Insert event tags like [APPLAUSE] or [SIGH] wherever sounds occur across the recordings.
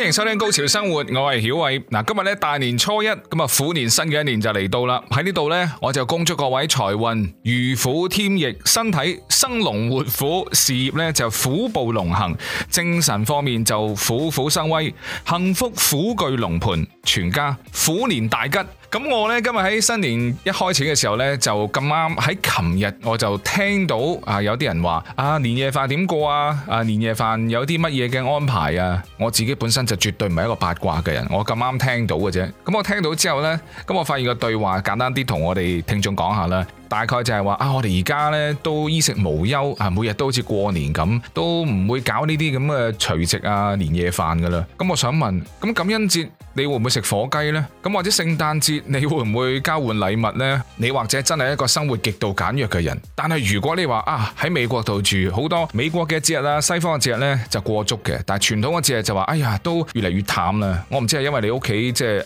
歡迎收聽《高潮生活》，我係曉偉。嗱，今日咧大年初一，咁啊虎年新嘅一年就嚟到啦。喺呢度咧，我就恭祝各位財運如虎添翼，身體生龍活虎，事業咧就虎步龍行，精神方面就虎虎生威，幸福虎踞龍盤，全家虎年大吉。咁我呢，今日喺新年一開始嘅時候呢，就咁啱喺琴日我就聽到啊有啲人話啊年夜飯點過啊，啊年夜飯有啲乜嘢嘅安排啊！我自己本身就絕對唔係一個八卦嘅人，我咁啱聽到嘅啫。咁我聽到之後呢，咁我發現個對話簡單啲同我哋聽眾講下啦。大概就係話啊，我哋而家咧都衣食無憂啊，每日都好似過年咁，都唔會搞呢啲咁嘅除夕啊、年夜飯㗎喇。咁、嗯、我想問，咁、啊、感恩節你會唔會食火雞呢？咁、啊、或者聖誕節你會唔會交換禮物呢？你或者真係一個生活極度簡約嘅人。但係如果你話啊，喺美國度住好多美國嘅節日啦、西方嘅節日呢就過足嘅，但係傳統嘅節日就話，哎呀都越嚟越淡啦。我唔知係因為你屋企即係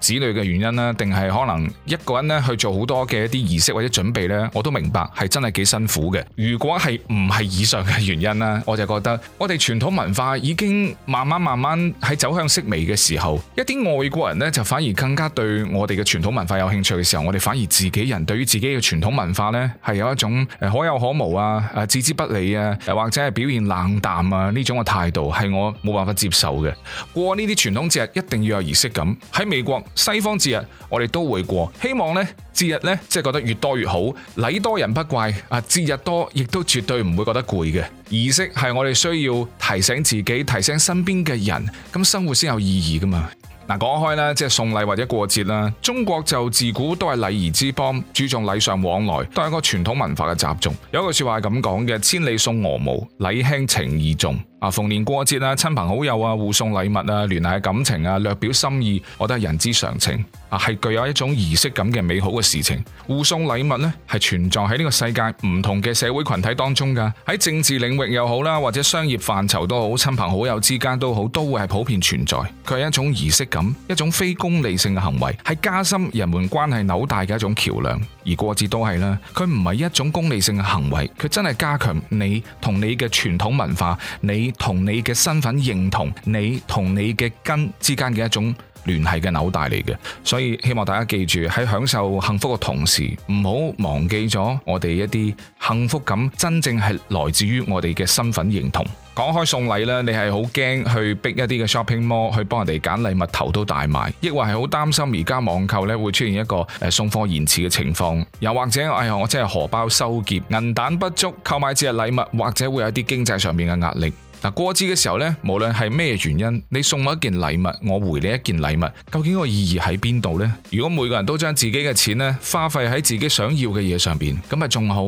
子女嘅原因啦，定係可能一個人呢去做好多嘅一啲儀式或者準備。準備咧，我都明白係真係幾辛苦嘅。如果係唔係以上嘅原因啦，我就覺得我哋傳統文化已經慢慢慢慢喺走向式微嘅時候，一啲外國人呢，就反而更加對我哋嘅傳統文化有興趣嘅時候，我哋反而自己人對於自己嘅傳統文化呢，係有一種可有可無啊、啊置之不理啊，或者係表現冷淡啊呢種嘅態度，係我冇辦法接受嘅。過呢啲傳統節日一定要有儀式感。喺美國西方節日，我哋都會過。希望呢。節日呢，即係覺得越多越好，禮多人不怪啊！節日多，亦都絕對唔會覺得攰嘅。儀式係我哋需要提醒自己、提醒身邊嘅人，咁生活先有意義噶嘛？嗱，講開啦，即係送禮或者過節啦，中國就自古都係禮儀之邦，注重禮尚往來，都係一個傳統文化嘅集中。有句說話係咁講嘅：千里送鵝毛，禮輕情意重。逢年過節啊，親朋好友啊，互送禮物啊，聯繫感情啊，略表心意，我都係人之常情啊，係具有一種儀式感嘅美好嘅事情。互送禮物呢，係存在喺呢個世界唔同嘅社會群體當中噶，喺政治領域又好啦，或者商業範疇都好，親朋好友之間都好，都會係普遍存在。佢係一種儀式感，一種非功利性嘅行為，係加深人們關係紐帶嘅一種橋樑。而過節都係啦，佢唔係一種功利性嘅行為，佢真係加強你同你嘅傳統文化，你。同你嘅身份認同、你同你嘅根之間嘅一種聯繫嘅紐帶嚟嘅，所以希望大家記住喺享受幸福嘅同時，唔好忘記咗我哋一啲幸福感真正係來自於我哋嘅身份認同。講開送禮啦，你係好驚去逼一啲嘅 shopping mall 去幫人哋揀禮物，頭都大埋，抑或係好擔心而家網購呢會出現一個誒送貨延遲嘅情況，又或者哎呀我真係荷包收結、銀彈不足，購買節日禮物或者會有一啲經濟上面嘅壓力。嗱，過節嘅時候呢，無論係咩原因，你送我一件禮物，我回你一件禮物，究竟個意義喺邊度呢？如果每個人都將自己嘅錢呢，花費喺自己想要嘅嘢上邊，咁咪仲好？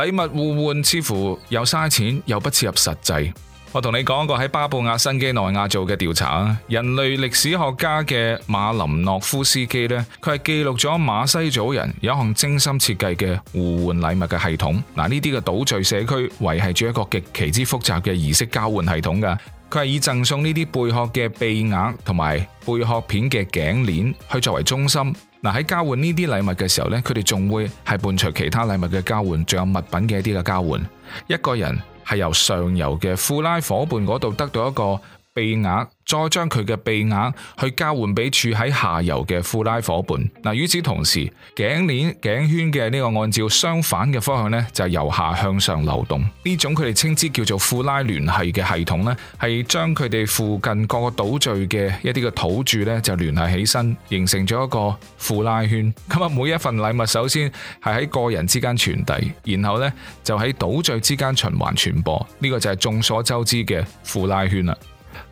禮物互換似乎又嘥錢又不切合實際。我同你講過喺巴布亞新畿內亞做嘅調查啊，人類歷史學家嘅馬林諾夫斯基咧，佢係記錄咗馬西族人有一項精心設計嘅互換禮物嘅系統。嗱，呢啲嘅島嶼社區維繫住一個極其之複雜嘅儀式交換系統㗎。佢係以贈送呢啲貝殼嘅臂鈪同埋貝殼片嘅頸鏈去作為中心。嗱，喺交換呢啲禮物嘅時候呢，佢哋仲會係伴隨其他禮物嘅交換，仲有物品嘅一啲嘅交換。一個人。係由上游嘅富拉伙伴嗰度得到一個。臂額再將佢嘅臂額去交換俾處喺下游嘅庫拉伙伴嗱。與此同時，頸鏈頸圈嘅呢個按照相反嘅方向呢，就係由下向上流動。呢種佢哋稱之叫做庫拉聯繫嘅系統呢係將佢哋附近各個島嶼嘅一啲嘅土著呢，就聯繫起身，形成咗一個庫拉圈。咁啊，每一份禮物首先係喺個人之間傳遞，然後呢，就喺島嶼之間循環傳播。呢、呢個就係眾所周知嘅庫拉圈啦。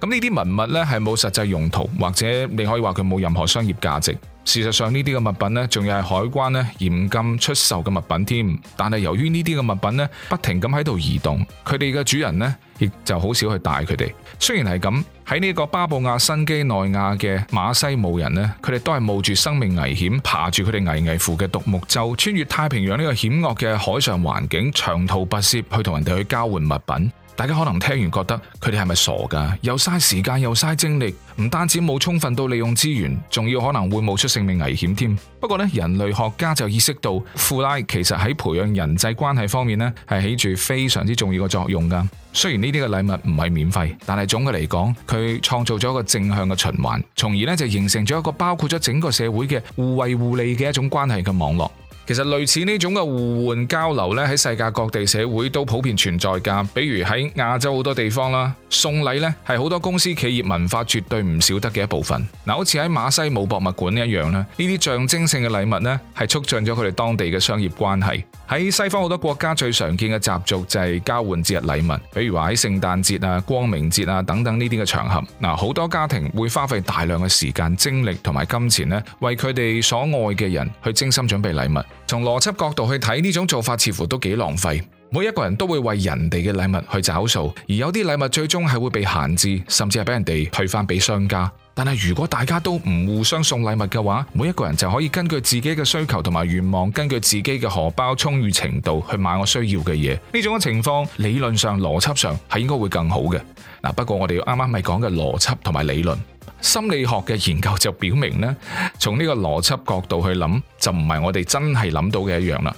咁呢啲文物呢，係冇實際用途，或者你可以話佢冇任何商業價值。事實上呢啲嘅物品呢，仲要係海關呢嚴禁出售嘅物品添。但係由於呢啲嘅物品呢，不停咁喺度移動，佢哋嘅主人呢，亦就好少去帶佢哋。雖然係咁，喺呢個巴布亞新畿內亞嘅馬西姆人呢，佢哋都係冒住生命危險，爬住佢哋危危乎嘅獨木舟，穿越太平洋呢個險惡嘅海上環境，長途跋涉去同人哋去交換物品。大家可能聽完覺得佢哋係咪傻噶？又嘥時間又嘥精力，唔單止冇充分到利用資源，仲要可能會冒出性命危險添。不過呢，人類學家就意識到，富拉其實喺培養人際關係方面呢，係起住非常之重要嘅作用噶。雖然呢啲嘅禮物唔係免費，但係總嘅嚟講，佢創造咗一個正向嘅循環，從而呢就形成咗一個包括咗整個社會嘅互惠互利嘅一種關係嘅網絡。其實類似呢種嘅互換交流咧，喺世界各地社會都普遍存在噶。比如喺亞洲好多地方啦，送禮咧係好多公司企業文化絕對唔少得嘅一部分。嗱，好似喺馬西姆博物館一樣啦，呢啲象徵性嘅禮物咧係促進咗佢哋當地嘅商業關係。喺西方好多國家最常見嘅習俗就係交換節日禮物，比如話喺聖誕節啊、光明節啊等等呢啲嘅場合，嗱，好多家庭會花費大量嘅時間、精力同埋金錢咧，為佢哋所愛嘅人去精心準備禮物。從邏輯角度去睇，呢種做法似乎都幾浪費，每一個人都會為人哋嘅禮物去找數，而有啲禮物最終係會被限制，甚至係俾人哋退翻俾商家。但係如果大家都唔互相送禮物嘅話，每一個人就可以根據自己嘅需求同埋願望，根據自己嘅荷包充裕程度去買我需要嘅嘢。呢種嘅情況，理論上邏輯上係應該會更好嘅。嗱，不過我哋要啱啱咪講嘅邏輯同埋理論。心理學嘅研究就表明呢，從呢個邏輯角度去諗，就唔係我哋真係諗到嘅一樣啦。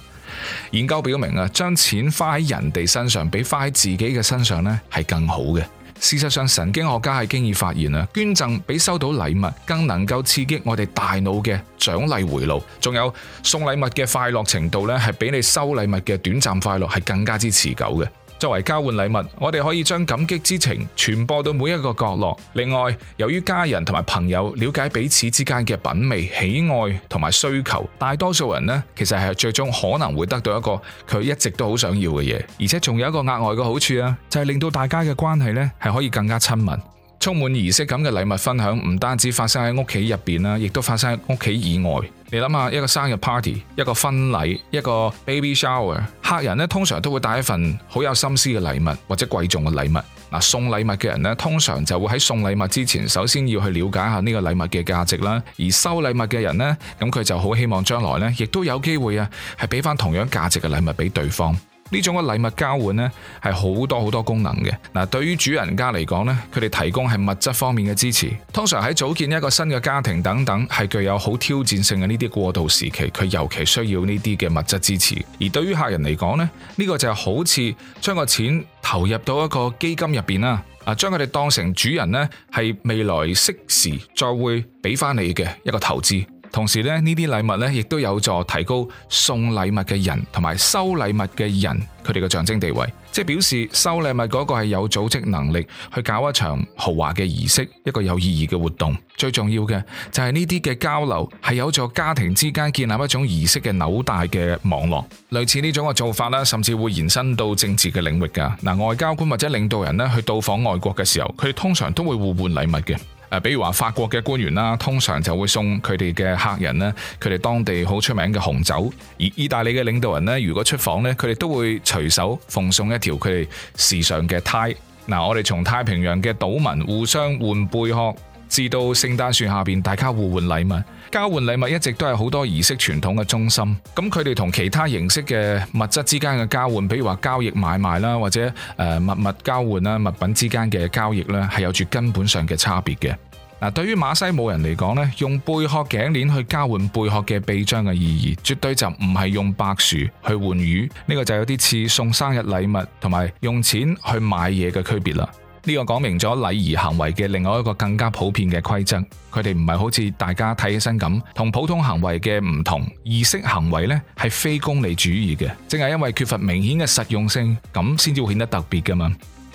研究表明啊，將錢花喺人哋身上，比花喺自己嘅身上呢係更好嘅。事實上，神經學家係經已發現啊，捐贈比收到禮物更能夠刺激我哋大腦嘅獎勵回路。仲有送禮物嘅快樂程度呢，係比你收禮物嘅短暫快樂係更加之持久嘅。作為交換禮物，我哋可以將感激之情傳播到每一個角落。另外，由於家人同埋朋友了解彼此之間嘅品味、喜愛同埋需求，大多數人呢其實係最終可能會得到一個佢一直都好想要嘅嘢，而且仲有一個額外嘅好處啊，就係、是、令到大家嘅關係呢係可以更加親密。充滿儀式感嘅禮物分享，唔單止發生喺屋企入邊啦，亦都發生喺屋企以外。你諗下，一個生日 party、一個婚禮、一個 baby shower，客人呢通常都會帶一份好有心思嘅禮物或者貴重嘅禮物。嗱，送禮物嘅人呢，通常就會喺送禮物之前，首先要去了解下呢個禮物嘅價值啦。而收禮物嘅人呢，咁佢就好希望將來呢亦都有機會啊，係俾翻同樣價值嘅禮物俾對方。呢種嘅禮物交換咧，係好多好多功能嘅。嗱，對於主人家嚟講咧，佢哋提供係物質方面嘅支持，通常喺組建一個新嘅家庭等等，係具有好挑戰性嘅呢啲過渡時期，佢尤其需要呢啲嘅物質支持。而對於客人嚟講咧，呢、呢個就好似將個錢投入到一個基金入邊啦，啊，將佢哋當成主人咧，係未來適時再會俾翻你嘅一個投資。同時咧，呢啲禮物咧，亦都有助提高送禮物嘅人同埋收禮物嘅人佢哋嘅象徵地位，即係表示收禮物嗰個係有組織能力去搞一場豪華嘅儀式，一個有意義嘅活動。最重要嘅就係呢啲嘅交流係有助家庭之間建立一種儀式嘅紐帶嘅網絡，類似呢種嘅做法啦，甚至會延伸到政治嘅領域㗎。嗱，外交官或者領導人呢，去到訪外國嘅時候，佢哋通常都會互換禮物嘅。比如話法國嘅官員啦，通常就會送佢哋嘅客人咧，佢哋當地好出名嘅紅酒；而意大利嘅領導人呢，如果出訪呢，佢哋都會隨手奉送一條佢哋時尚嘅呔。嗱，我哋從太平洋嘅島民互相換貝殼。至到聖誕樹下邊，大家互換禮物、交換禮物一直都係好多儀式傳統嘅中心。咁佢哋同其他形式嘅物質之間嘅交換，比如話交易買賣啦，或者誒物物交換啦，物品之間嘅交易咧，係有住根本上嘅差別嘅。嗱，對於馬西姆人嚟講呢，用貝殼頸鏈去交換貝殼嘅臂章嘅意義，絕對就唔係用白薯去換魚。呢、這個就有啲似送生日禮物同埋用錢去買嘢嘅區別啦。呢個講明咗禮儀行為嘅另外一個更加普遍嘅規則，佢哋唔係好似大家睇起身咁，同普通行為嘅唔同。儀式行為呢係非功利主義嘅，正係因為缺乏明顯嘅實用性，咁先至會顯得特別噶嘛。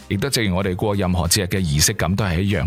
亦都正如我哋過任何節日嘅儀式咁，都係一樣。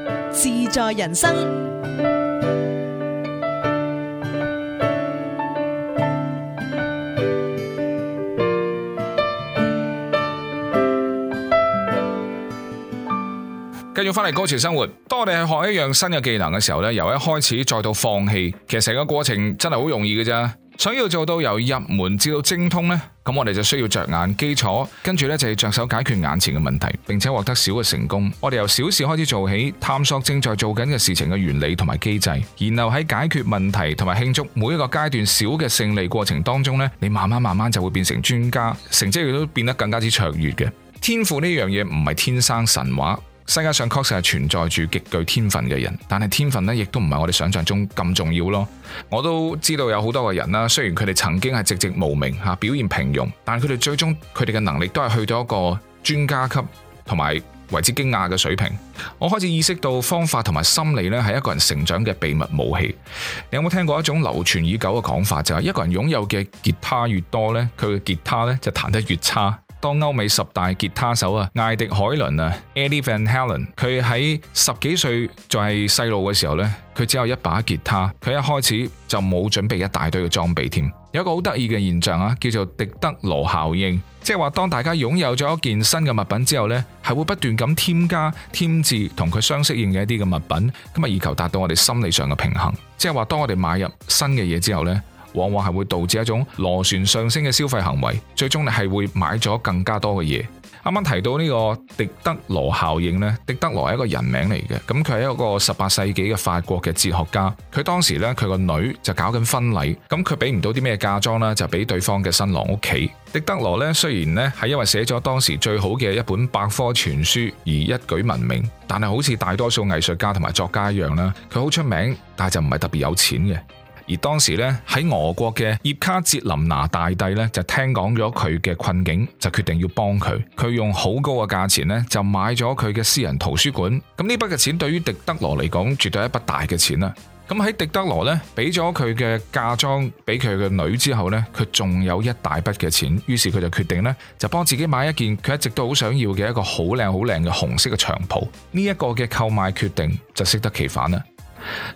自在人生，繼續翻嚟歌詞生活。當我哋去學一樣新嘅技能嘅時候呢，由一開始再到放棄，其實成個過程真係好容易嘅咋，想要做到由入門至到精通呢？咁我哋就需要着眼基礎，跟住呢就係着手解決眼前嘅問題，並且獲得小嘅成功。我哋由小事開始做起，探索正在做緊嘅事情嘅原理同埋機制，然後喺解決問題同埋慶祝每一個階段小嘅勝利過程當中呢，你慢慢慢慢就會變成專家，成績亦都變得更加之卓越嘅。天賦呢樣嘢唔係天生神話。世界上確實係存在住極具天分嘅人，但係天分呢亦都唔係我哋想象中咁重要咯。我都知道有好多嘅人啦，雖然佢哋曾經係寂寂無名嚇，表現平庸，但佢哋最終佢哋嘅能力都係去到一個專家級同埋為之驚訝嘅水平。我開始意識到方法同埋心理呢係一個人成長嘅秘密武器。你有冇聽過一種流傳已久嘅講法，就係一個人擁有嘅吉他越多呢，佢嘅吉他呢就彈得越差。當歐美十大吉他手啊，艾迪·海倫啊，Eddie Van Halen，佢喺十幾歲仲係細路嘅時候呢，佢只有一把吉他，佢一開始就冇準備一大堆嘅裝備添。有一個好得意嘅現象啊，叫做狄德羅效應，即係話當大家擁有咗一件新嘅物品之後呢，係會不斷咁添加添置同佢相適應嘅一啲嘅物品，咁啊以求達到我哋心理上嘅平衡。即係話當我哋買入新嘅嘢之後呢。往往係會導致一種螺旋上升嘅消費行為，最終你係會買咗更加多嘅嘢。啱啱提到呢個狄德羅效應呢，狄德羅係一個人名嚟嘅，咁佢係一個十八世紀嘅法國嘅哲學家。佢當時呢，佢個女就搞緊婚禮，咁佢俾唔到啲咩嫁妝啦，就俾對方嘅新郎屋企。狄德羅呢，雖然呢係因為寫咗當時最好嘅一本百科全書而一舉聞名，但係好似大多數藝術家同埋作家一樣啦，佢好出名，但係就唔係特別有錢嘅。而當時咧，喺俄國嘅葉卡捷琳娜大帝咧，就聽講咗佢嘅困境，就決定要幫佢。佢用好高嘅價錢咧，就買咗佢嘅私人圖書館。咁呢筆嘅錢對於狄德羅嚟講絕對係一筆大嘅錢啦。咁喺狄德羅咧，俾咗佢嘅嫁妝俾佢嘅女之後咧，佢仲有一大筆嘅錢，於是佢就決定咧就幫自己買一件佢一直都好想要嘅一個好靚好靚嘅紅色嘅長袍。呢一個嘅購買決定就適得其反啦。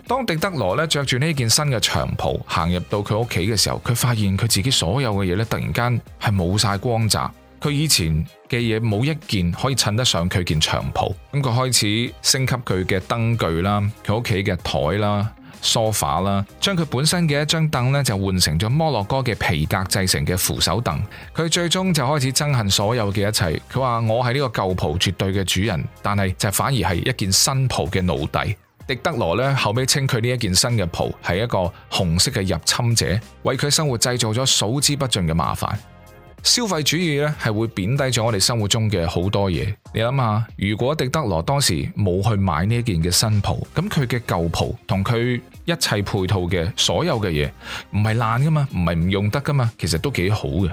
當狄德羅呢着住呢件新嘅長袍行入到佢屋企嘅時候，佢發現佢自己所有嘅嘢呢突然間係冇晒光澤，佢以前嘅嘢冇一件可以襯得上佢件長袍。咁佢開始升級佢嘅燈具啦，佢屋企嘅檯啦、梳化啦，將佢本身嘅一張凳呢就換成咗摩洛哥嘅皮革製成嘅扶手凳佢最終就開始憎恨所有嘅一切。佢話：我係呢個舊袍絕對嘅主人，但係就反而係一件新袍嘅奴隸。狄德羅呢後尾稱佢呢一件新嘅袍係一個紅色嘅入侵者，為佢生活製造咗數之不盡嘅麻煩。消費主義呢係會貶低咗我哋生活中嘅好多嘢。你諗下，如果狄德羅當時冇去買呢一件嘅新袍，咁佢嘅舊袍同佢一切配套嘅所有嘅嘢，唔係爛噶嘛，唔係唔用得噶嘛，其實都幾好嘅。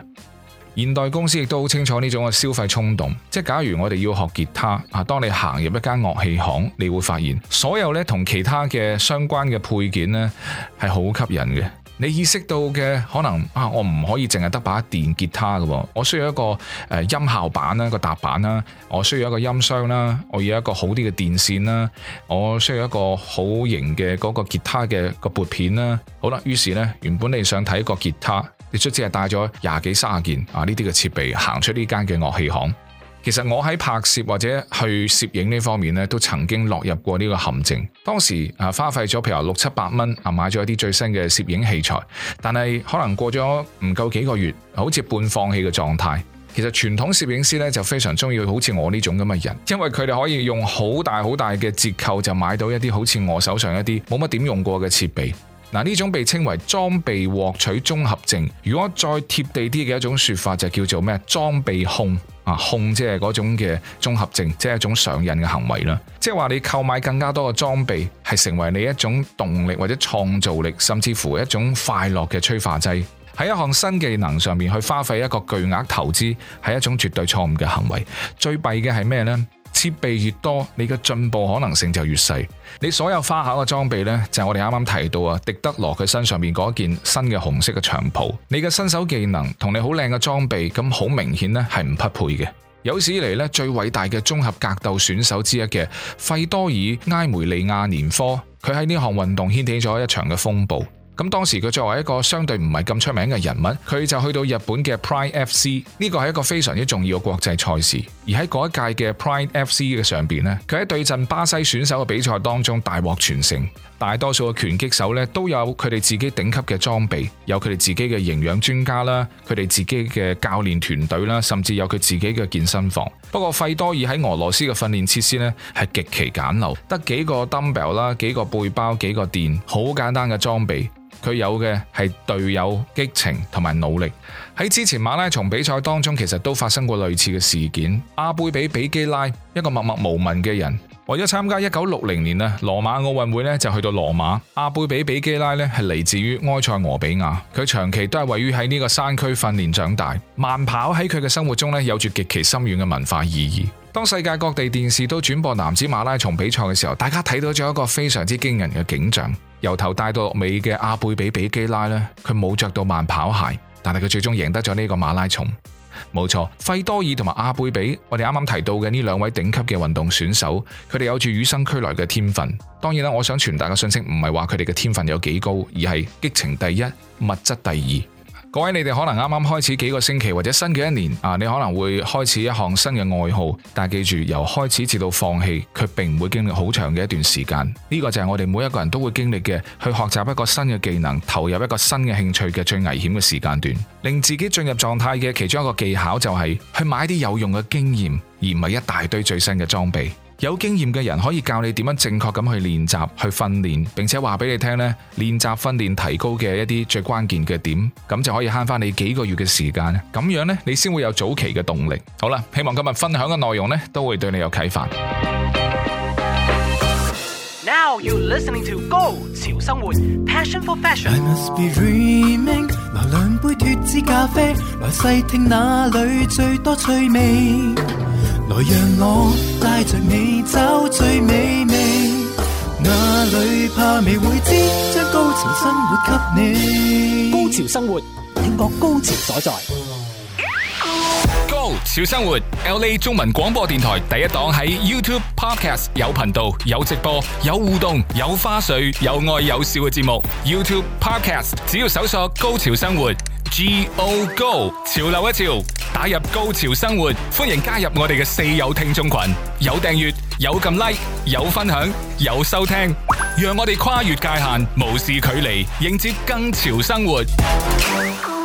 現代公司亦都好清楚呢種嘅消費衝動，即係假如我哋要學吉他啊，當你行入一間樂器行，你會發現所有呢同其他嘅相關嘅配件呢係好吸引嘅。你意識到嘅可能啊，我唔可以淨係得把電吉他嘅，我需要一個誒音效板啦，一個踏板啦，我需要一個音箱啦，我要一個好啲嘅電線啦，我需要一個好型嘅嗰個吉他嘅個撥片啦。好啦，於是呢，原本你想睇個吉他。亦都只係帶咗廿幾卅件啊呢啲嘅設備行出呢間嘅樂器行。其實我喺拍攝或者去攝影呢方面咧，都曾經落入過呢個陷阱。當時啊，花費咗譬如六七百蚊啊，買咗一啲最新嘅攝影器材，但係可能過咗唔夠幾個月，好似半放棄嘅狀態。其實傳統攝影師呢就非常中意好似我呢種咁嘅人，因為佢哋可以用好大好大嘅折扣就買到一啲好似我手上一啲冇乜點用過嘅設備。嗱，呢種被稱為裝備獲取綜合症，如果再貼地啲嘅一種説法就叫做咩裝備控啊，控即，即係嗰種嘅綜合症，即係一種上癮嘅行為啦。即係話你購買更加多嘅裝備係成為你一種動力或者創造力，甚至乎一種快樂嘅催化劑。喺一項新技能上面去花費一個巨額投資係一種絕對錯誤嘅行為。最弊嘅係咩呢？設備越多，你嘅進步可能性就越細。你所有花巧嘅裝備呢，就係我哋啱啱提到啊，迪德羅佢身上面嗰件新嘅紅色嘅長袍，你嘅新手技能同你好靚嘅裝備咁好明顯呢係唔匹配嘅。有史以嚟呢，最偉大嘅綜合格鬥選手之一嘅費多爾埃梅利亞年科，佢喺呢項運動掀起咗一場嘅風暴。咁當時佢作為一個相對唔係咁出名嘅人物，佢就去到日本嘅 Pride FC 呢個係一個非常之重要嘅國際賽事。而喺嗰一屆嘅 Pride FC 嘅上邊咧，佢喺對陣巴西選手嘅比賽當中大獲全勝。大多數嘅拳擊手咧，都有佢哋自己頂級嘅裝備，有佢哋自己嘅營養專家啦，佢哋自己嘅教練團隊啦，甚至有佢自己嘅健身房。不過費多爾喺俄羅斯嘅訓練設施呢，係極其簡陋，得幾個 dumbbell 啦，幾個背包，幾個墊，好簡單嘅裝備。佢有嘅係隊友激情同埋努力。喺之前馬拉松比賽當中，其實都發生過類似嘅事件。阿貝比比基拉，一個默默無聞嘅人。為咗參加一九六零年咧羅馬奧運會咧，就去到羅馬。阿貝比比基拉咧係嚟自於埃塞俄比亞，佢長期都係位於喺呢個山區訓練長大。慢跑喺佢嘅生活中咧有住極其深遠嘅文化意義。當世界各地電視都轉播男子馬拉松比賽嘅時候，大家睇到咗一個非常之驚人嘅景象：由頭帶到尾嘅阿貝比比基拉咧，佢冇着到慢跑鞋，但係佢最終贏得咗呢個馬拉松。冇錯，費多爾同埋阿貝比，我哋啱啱提到嘅呢兩位頂級嘅運動選手，佢哋有住與生俱來嘅天分。當然啦，我想傳達嘅信息唔係話佢哋嘅天分有幾高，而係激情第一，物質第二。各位，你哋可能啱啱開始幾個星期或者新嘅一年啊，你可能會開始一項新嘅愛好，但記住由開始至到放棄，佢並唔會經歷好長嘅一段時間。呢個就係我哋每一個人都會經歷嘅，去學習一個新嘅技能，投入一個新嘅興趣嘅最危險嘅時間段。令自己進入狀態嘅其中一個技巧就係去買啲有用嘅經驗，而唔係一大堆最新嘅裝備。有經驗嘅人可以教你點樣正確咁去練習、去訓練，並且話俾你聽呢，練習訓練提高嘅一啲最關鍵嘅點，咁就可以慳翻你幾個月嘅時間。咁樣呢，你先會有早期嘅動力。好啦，希望今日分享嘅內容呢，都會對你有啟發。Now you listening toGo 潮生活，passion for fashion。來兩杯脫脂咖啡，來細聽哪裏最多趣味。來讓我帶着你找最美味，哪裏怕未會知，將高潮生活給你。高潮生活，聽覺高潮所在。高潮生活，LA 中文廣播電台第一檔，喺 YouTube Podcast 有頻道、有直播、有互動、有花絮、有愛有笑嘅節目。YouTube Podcast 只要搜索“高潮生活”。G O Go，潮流一潮，打入高潮生活，歡迎加入我哋嘅四友聽眾群，有訂閱，有撳 Like，有分享，有收聽，讓我哋跨越界限，無視距離，迎接更潮生活。 [NOISE]